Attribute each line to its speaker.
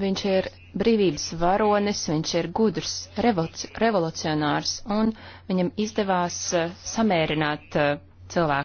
Speaker 1: Viņš ir brīvības varonis, viņš ir gudrs revolucionārs, un viņam izdevās eh, samērināt eh, cilvēku.